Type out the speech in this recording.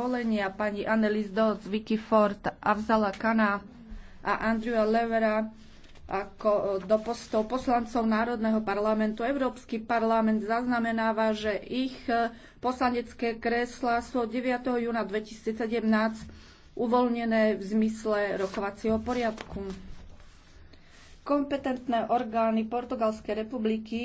volenia pani Annelies Dodds, Vicky Ford, Avzala Kana a Andrewa Levera ako e, do postov poslancov Národného parlamentu. Európsky parlament zaznamenáva, že ich e, poslanecké kreslá sú od 9. júna 2017 uvoľnené v zmysle rokovacieho poriadku. Kompetentné orgány Portugalskej republiky